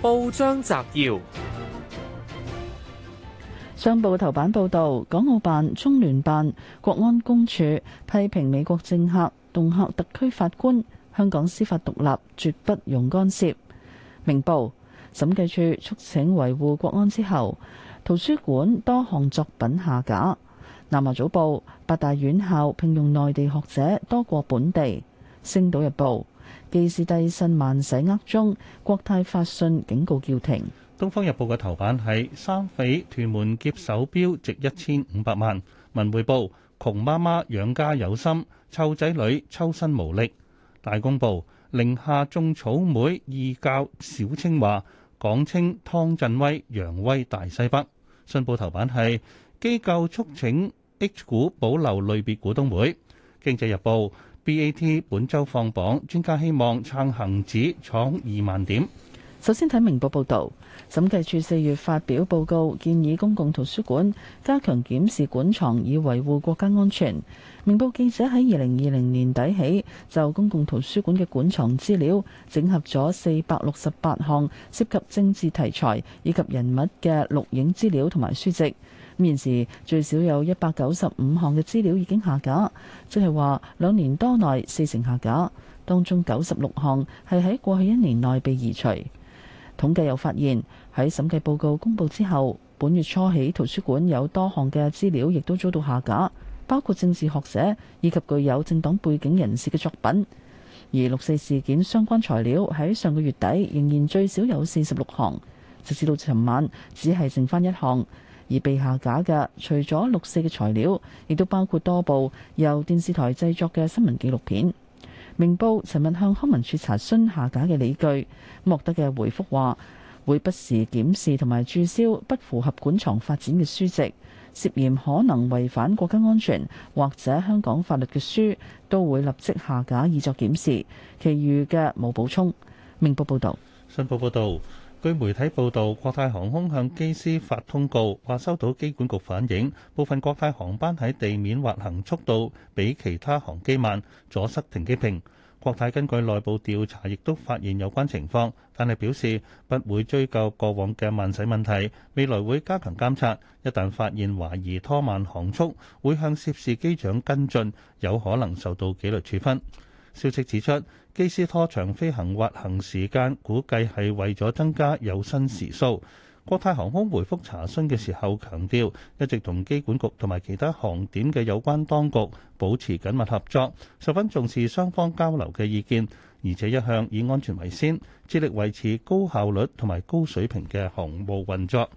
報章摘要：商報頭版報道，港澳辦、中聯辦、國安公署批評美國政客動吓特區法官，香港司法獨立絕不容干涉。明報、審計署促請維護國安之後，圖書館多項作品下架。南華早報：八大院校聘用內地學者多過本地。星島日報。既是遞信慢寫誤中，國泰發信警告叫停。東方日報嘅頭版係三匪屯門劫手錶值一千五百萬。文匯報：窮媽媽養家有心，湊仔女抽身無力。大公報：寧夏種草莓，義教小清華。港青湯振威揚威大西北。信報頭版係機構促請 H 股保留類別股東會。經濟日報。B A T 本周放榜，專家希望撐恆指闖二萬點。首先睇明報報道，審計署四月發表報告，建議公共圖書館加強檢視館藏，以維護國家安全。明報記者喺二零二零年底起，就公共圖書館嘅館藏資料，整合咗四百六十八項涉及政治題材以及人物嘅錄影資料同埋書籍。現時最少有一百九十五項嘅資料已經下架，即係話兩年多內四成下架，當中九十六項係喺過去一年內被移除。統計又發現喺審計報告公佈之後，本月初起圖書館有多項嘅資料亦都遭到下架，包括政治學者以及具有政黨背景人士嘅作品。而六四事件相關材料喺上個月底仍然最少有四十六項，直至到尋晚只係剩返一項。而被下架嘅，除咗六四嘅材料，亦都包括多部由電視台製作嘅新聞紀錄片。明報尋日向康文署查詢下架嘅理據，獲得嘅回覆話：會不時檢視同埋註銷不符合館藏發展嘅書籍，涉嫌可能違反國家安全或者香港法律嘅書都會立即下架以作檢視，其餘嘅冇補充。明報報道。新報報導。據媒體報道,國泰航空向機師發通告話收到機管局反映,部分國泰航班喺地面滑行速度比其他航機慢,阻塞停機坪。國泰根據內部調查也發現有關情況,但係表示不會追究過往嘅慢駛問題,未來會加強監察,一旦發現懷疑拖慢航速,會向涉事機長跟進,有可能受到紀律處分。消息指出，機師拖長飛行滑行時間估計係為咗增加有薪時數，國泰航空回覆查詢嘅時候強調一直同機管局同埋其他航點嘅有關當局保持緊密合作，十分重視雙方交流嘅意見，而且一向以安全為先，致力維持高效率同埋高水平嘅航務運作。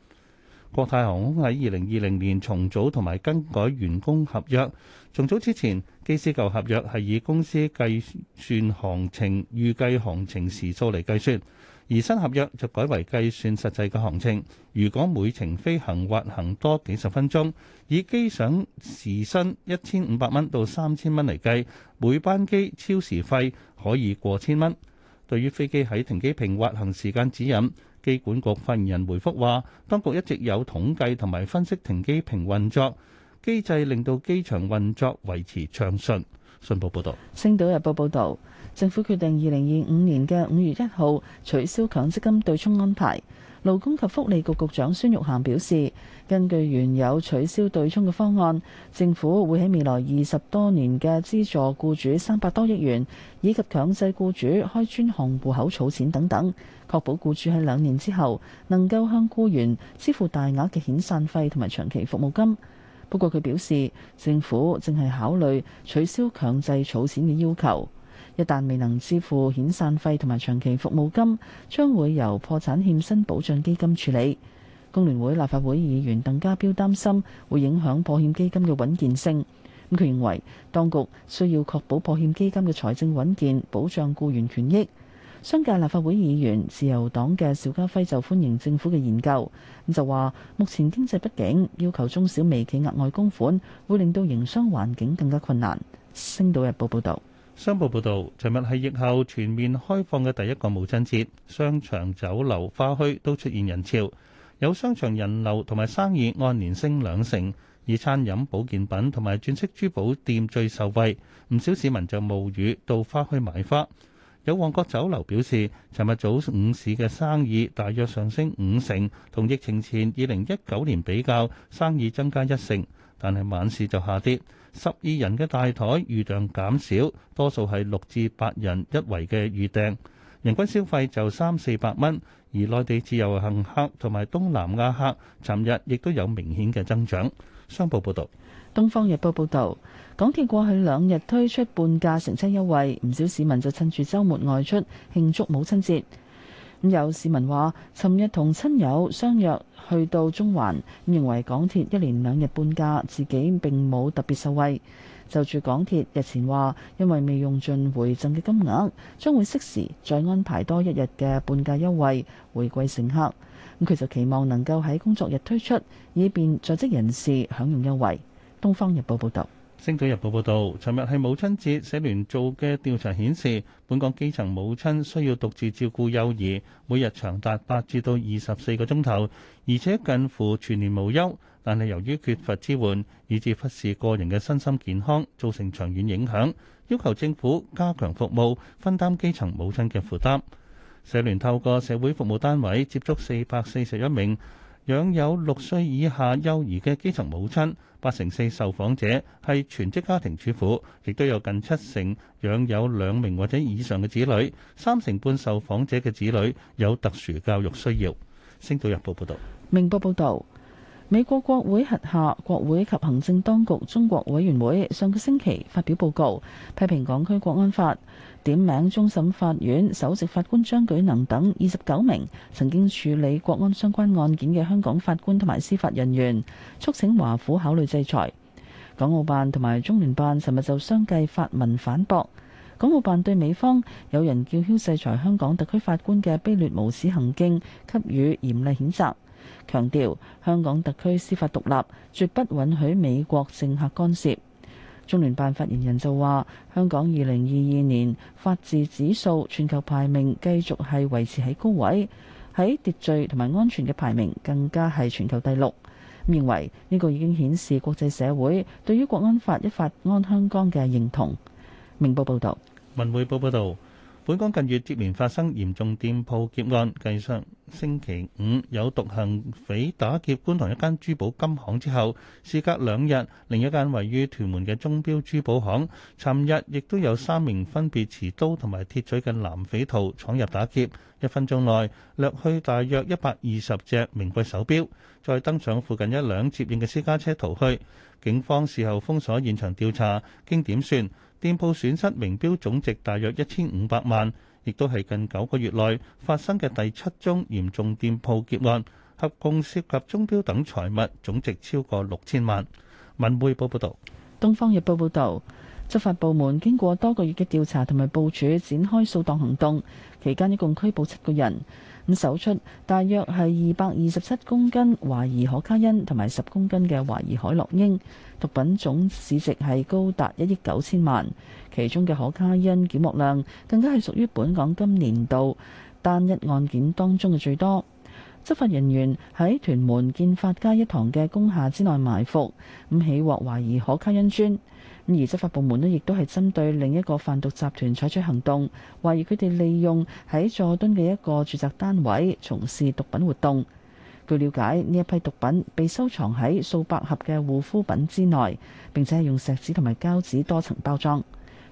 國泰航空喺二零二零年重組同埋更改員工合約。重組之前，機師舊合約係以公司計算航程、預計航程時數嚟計算，而新合約就改為計算實際嘅航程。如果每程飛行滑行多幾十分鐘，以機上時薪一千五百蚊到三千蚊嚟計，每班機超時費可以過千蚊。對於飛機喺停機坪滑行時間指引。機管局發言人回覆話，當局一直有統計同埋分析停機坪運作機制，令到機場運作維持暢順。信報報道，《星島日報》報道。政府決定二零二五年嘅五月一號取消強積金對沖安排。勞工及福利局局長孫玉菡表示，根據原有取消對沖嘅方案，政府會喺未來二十多年嘅資助僱主三百多億元，以及強制僱主開專項戶口儲錢等等，確保僱主喺兩年之後能夠向僱員支付大額嘅遣散費同埋長期服務金。不過，佢表示政府正係考慮取消強制儲錢嘅要求。一旦未能支付遣散費同埋長期服務金，將會由破產欠薪保障基金處理。工聯會立法會議員鄧家彪擔心會影響破欠基金嘅穩健性。咁佢認為當局需要確保破欠基金嘅財政穩健，保障僱員權益。商界立法會議員自由黨嘅邵家輝就歡迎政府嘅研究，咁就話目前經濟不景，要求中小微企額外供款會令到營商環境更加困難。星島日報報導。商報報道，尋日係疫後全面開放嘅第一個母親節，商場、酒樓、花墟都出現人潮，有商場人流同埋生意按年升兩成，以餐飲、保健品同埋鑽飾珠寶店最受惠，唔少市民就冒雨到花墟買花。有旺角酒樓表示，尋日早午市嘅生意大約上升五成，同疫情前二零一九年比較，生意增加一成。但係晚市就下跌，十二人嘅大台預訂減少，多數係六至八人一圍嘅預訂，人均消費就三四百蚊。而內地自由行客同埋東南亞客，尋日亦都有明顯嘅增長。商報報導，《東方日報》報導，港鐵過去兩日推出半價乘車優惠，唔少市民就趁住週末外出慶祝母親節。有市民話，尋日同親友相約去到中環，認為港鐵一連兩日半價，自己並冇特別受惠。就住港鐵日前話，因為未用盡回贈嘅金額，將會適時再安排多一日嘅半價優惠回饋乘客。咁佢就期望能夠喺工作日推出，以便在職人士享用優惠。《東方日報》報道。星島日報報導，尋日係母親節，社聯做嘅調查顯示，本港基層母親需要獨自照顧幼兒，每日長達八至到二十四個鐘頭，而且近乎全年無休。但係由於缺乏支援，以致忽視個人嘅身心健康，造成長遠影響。要求政府加強服務，分擔基層母親嘅負擔。社聯透過社會服務單位接觸四百四十一名，養有六歲以下幼兒嘅基層母親，八成四受訪者係全職家庭主婦，亦都有近七成養有兩名或者以上嘅子女，三成半受訪者嘅子女有特殊教育需要。星島日報報道，明報報道。美國國會轄下國會及行政當局中國委員會上個星期發表報告，批評港區國安法，點名終審法院首席法官張舉能等二十九名曾經處理國安相關案件嘅香港法官同埋司法人員，促請華府考慮制裁。港澳辦同埋中聯辦尋日就相繼發文反駁，港澳辦對美方有人叫囂制裁香港特區法官嘅卑劣無恥行徑給予嚴厲譴責。強調香港特區司法獨立，絕不允許美國政客干涉。中聯辦發言人就話：香港二零二二年法治指數全球排名繼續係維持喺高位，喺秩序同埋安全嘅排名更加係全球第六。咁認為呢個已經顯示國際社會對於國安法一法安香港嘅認同。明報報道，文匯報報道。本港近月接連發生嚴重店鋪劫案，繼上星期五有獨行匪打劫觀塘一間珠寶金行之後，事隔兩日，另一間位於屯門嘅鐘表珠寶行，尋日亦都有三名分別持刀同埋鐵咀嘅男匪徒闖入打劫，一分鐘內掠去大約一百二十隻名貴手表，再登上附近一輛接應嘅私家車逃去。警方事後封鎖現場調查，經點算。店鋪損失名標總值大約一千五百萬，亦都係近九個月內發生嘅第七宗嚴重店鋪劫案，合共涉及鐘表等財物總值超過六千萬。文匯報報道，東方日報報道，執法部門經過多個月嘅調查同埋部署，展開掃蕩行動，期間一共拘捕七個人。咁搜出大約係二百二十七公斤懷疑可卡因同埋十公斤嘅懷疑海洛英，毒品總市值係高達一億九千萬，其中嘅可卡因檢獲量更加係屬於本港今年度單一案件當中嘅最多。執法人員喺屯門建發街一堂嘅工廈之內埋伏，咁起獲懷疑可卡因磚。而執法部門咧，亦都係針對另一個販毒集團採取行動，懷疑佢哋利用喺佐敦嘅一個住宅單位從事毒品活動。據了解，呢一批毒品被收藏喺數百盒嘅護膚品之內，並且係用錫紙同埋膠紙多層包裝。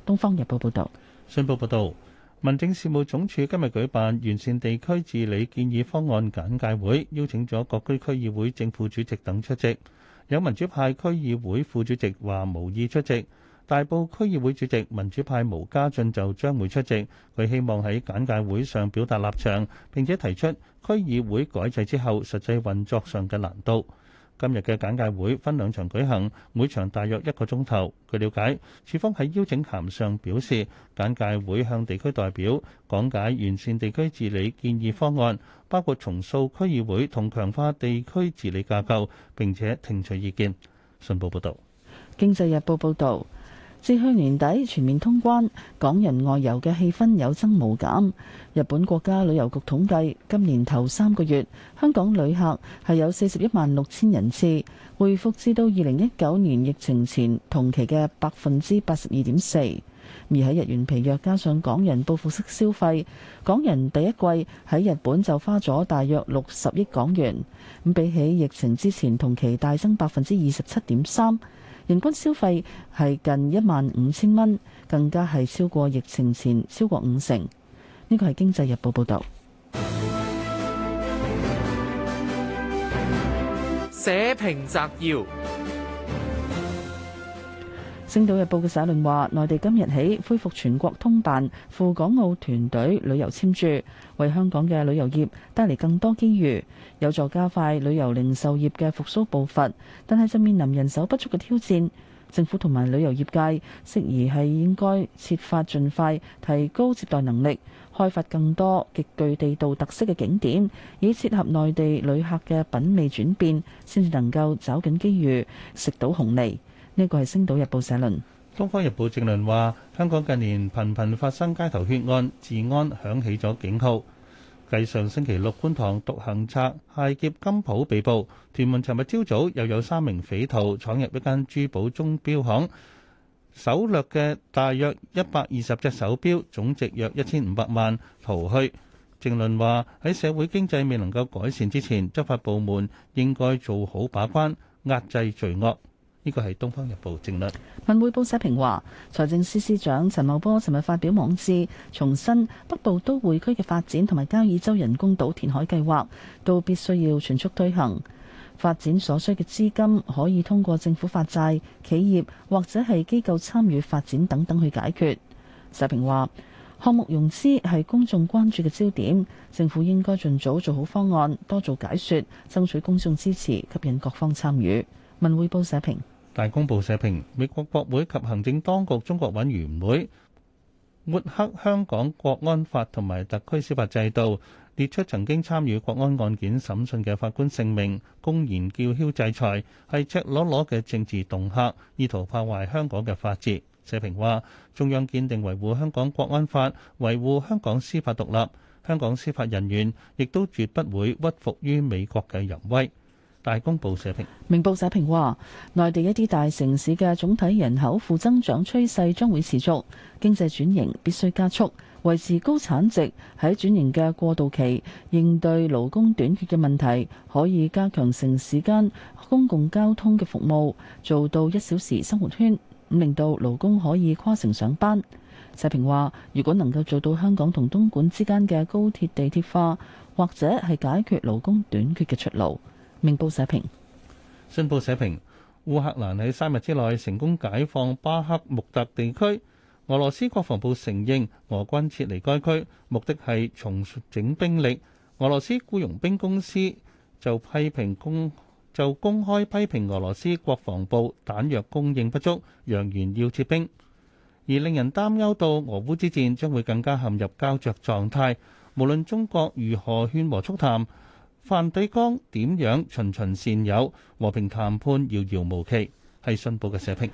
《東方日報》報道。《信報》報導。民政事務總署今日舉辦完善地區治理建議方案簡介會，邀請咗各區區議會正副主席等出席。有民主派區議會副主席話無意出席，大埔區議會主席民主派毛家俊就將會出席。佢希望喺簡介會上表達立場，並且提出區議會改制之後實際運作上嘅難度。今日嘅簡介會分兩場舉行，每場大約一個鐘頭。據了解，處方喺邀請函上表示，簡介會向地區代表講解完善地區治理建議方案，包括重塑區議會同強化地區治理架構，並且聽取意見。信報報導。《經濟日報》報道。至去年底全面通關，港人外遊嘅氣氛有增無減。日本國家旅遊局統計，今年頭三個月香港旅客係有四十一萬六千人次，回復至到二零一九年疫情前同期嘅百分之八十二點四。而喺日元疲弱加上港人報復式消費，港人第一季喺日本就花咗大約六十億港元，比起疫情之前同期大增百分之二十七點三。平均消費係近一萬五千蚊，更加係超過疫情前超過五成。呢個係《經濟日報》報導。社評摘要。《星島日報》嘅社論話，內地今日起恢復全國通辦赴港澳團隊旅遊簽注，為香港嘅旅遊業帶嚟更多機遇，有助加快旅遊零售業嘅復蘇步伐。但係就面臨人手不足嘅挑戰，政府同埋旅遊業界適宜係應該設法盡快提高接待能力，開發更多極具地道特色嘅景點，以切合內地旅客嘅品味轉變，先至能夠抓緊機遇，食到紅利。呢個係《星島日報》社論，《東方日報》正論話：香港近年頻頻發生街頭血案，治安響起咗警號。繼上星期六，觀塘獨行賊械劫金鋪被捕；屯門尋日朝早又有三名匪徒闖入一間珠寶鐘錶行，搜掠嘅大約一百二十隻手錶，總值約一千五百萬，逃去。正論話喺社會經濟未能夠改善之前，執法部門應該做好把關，壓制罪惡。呢個係《東方日報》正論。文匯報社評話，財政司司長陳茂波尋日發表網誌，重申北部都會區嘅發展同埋交椅洲人工島填海計劃都必須要全速推行，發展所需嘅資金可以通過政府發債、企業或者係機構參與發展等等去解決。社評話，項目融資係公眾關注嘅焦點，政府應該盡早做好方案，多做解說，爭取公眾支持，吸引各方參與。文匯報社評。大公報社評，美國國會及行政當局中國委員會抹黑香港國安法同埋特區司法制度，列出曾經參與國安案件審訊嘅法官姓名，公然叫囂制裁，係赤裸裸嘅政治恫嚇，意圖破壞香港嘅法治。社評話，中央堅定維護香港國安法，維護香港司法獨立，香港司法人員亦都絕不會屈服於美國嘅淫威。大公報社評，明報社評話，內地一啲大城市嘅總體人口負增長趨勢將會持續，經濟轉型必須加速，維持高產值喺轉型嘅過渡期，應對勞工短缺嘅問題，可以加強城市間公共交通嘅服務，做到一小時生活圈，咁令到勞工可以跨城上班。社評話，如果能夠做到香港同東莞之間嘅高鐵地鐵化，或者係解決勞工短缺嘅出路。明報社評：信報社評，烏克蘭喺三日之內成功解放巴克穆特地區，俄羅斯國防部承認俄軍撤離該區，目的係重整兵力。俄羅斯僱傭兵公司就批評公就公開批評俄羅斯國防部彈藥供應不足，揚言要撤兵，而令人擔憂到俄烏之戰將會更加陷入膠着狀態。無論中國如何勸和促談。梵蒂岡點樣循循善誘，和平談判遙遙無期，係信報嘅社評。